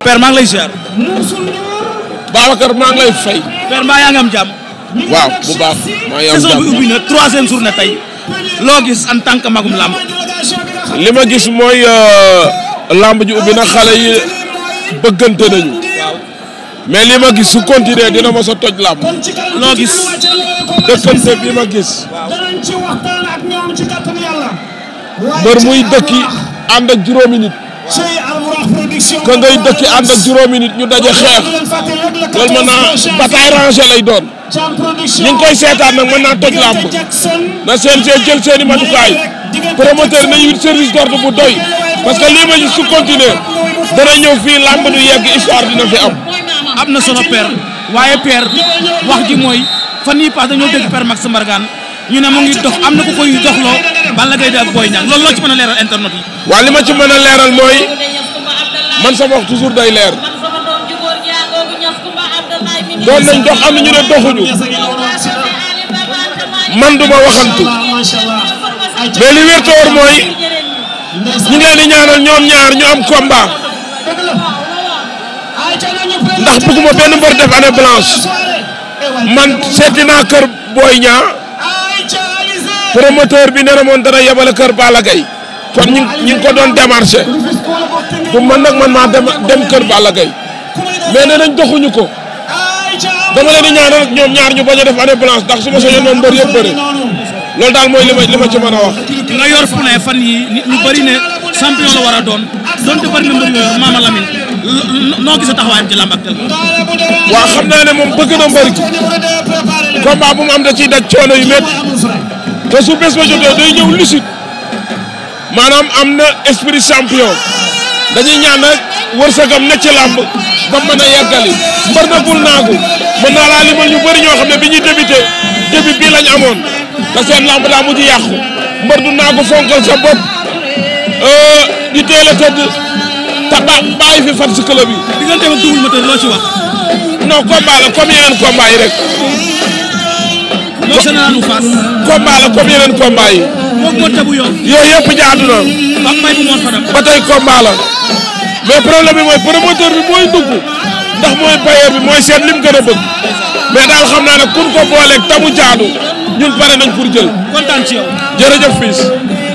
père maa ngi lay ziar. Babacar maa ngi lay am jàmm. waaw bu baax maa ngi bi ubbi na troisième journée tey loo gis en tant que magum làmb. li ma gis mooy euh, làmb ji ubbi na xale yi bëggante nañu. mais li ma gis su continuer dina ma toj làmb. loo gis. dëkkante bi ma gis. mbër muy dëkki ànd ak juróomi nit. ka ngay dëkki ànd ak juróomi nit ñu daje xeex loolu mën naa bataille rangée lay doon ñu ngi koy seetaan nag mën naa toj làmb na seen see jël seen i matukaay promoteur nañu wut service d'ordre bu doy parce que lii ma su continuer dana ñëw fii làmb du yegg histoire dina fi am. am na solo père waaye père wax ji mooy fan yii paas dañoo dégg père Max Mbargane ñu ne mu ngi dox am na ku koy doxloo Balla Gaye ak Boy Niang loolu loo a ci mën a leeral mooy. man sama wax toujours day leer. doon nañ dox am na ñu ne doxuñu. man duma waxantu. mais li wér mooy. ñu ngi leen ñaanal ñoom ñaar ñu am combat. ndax bëgguma benn mbër def année blanche. man seeti naa kër Boy Niang. promoteur bi nee na moom dana yebale kër Balla Gaye kon ñu ko doon démarché. du man nag man maa dem dem kër Balla Gaye mais nee nañ doxuñu ko dama leen di ñaanal ak ñoom ñaar ñu bañ a def année blanche ndax su ma soñoon moom mbër yëpp bëri loolu daal mooy li ma li ma ci mën a wax. nga yor fu ne fan yi nit ñu bëri ne champion la war a doon donte bëri na mbër yooyu Mama Lamine noo gis a taxawaayam ci làmb ak tel. waaw xam naa ne moom bëgg na mbër gi combat bu am da ciy daj coono yu métti te su bés ba jotee day ñëw lucide maanaam am na esprit champion. dañuy ñaan rek wërsëgam ne ci làmb ba mën a yeggali mbër na bul naagu mën naa laa limal ñu bëri ñoo xam ne bi ñuy débuté début bii lañ amoon te làmb daa mujj yàqu mbër du naagu fonkal sa bopp euh, di teel a tëdd te ba bàyyi fi fan si club yi. di nga dem ak Double Moteur loo ci wax. non combat la comme yeneen combat yi rek. non c'est combat la yeneen combat yi. moom Modou bu yow. yooyu yëpp jaadu na. ba may bu Mor Fadam. ba tey combat la. mais problème bi mooy promoteur bi mooy dugg ndax mooy payeur bi mooy seet lim gën a bëgg mais daal xam naa ne kun ko booleeg tamu jaadu ñun pare nañ pour jël. kontaan ci yow. jërëjëf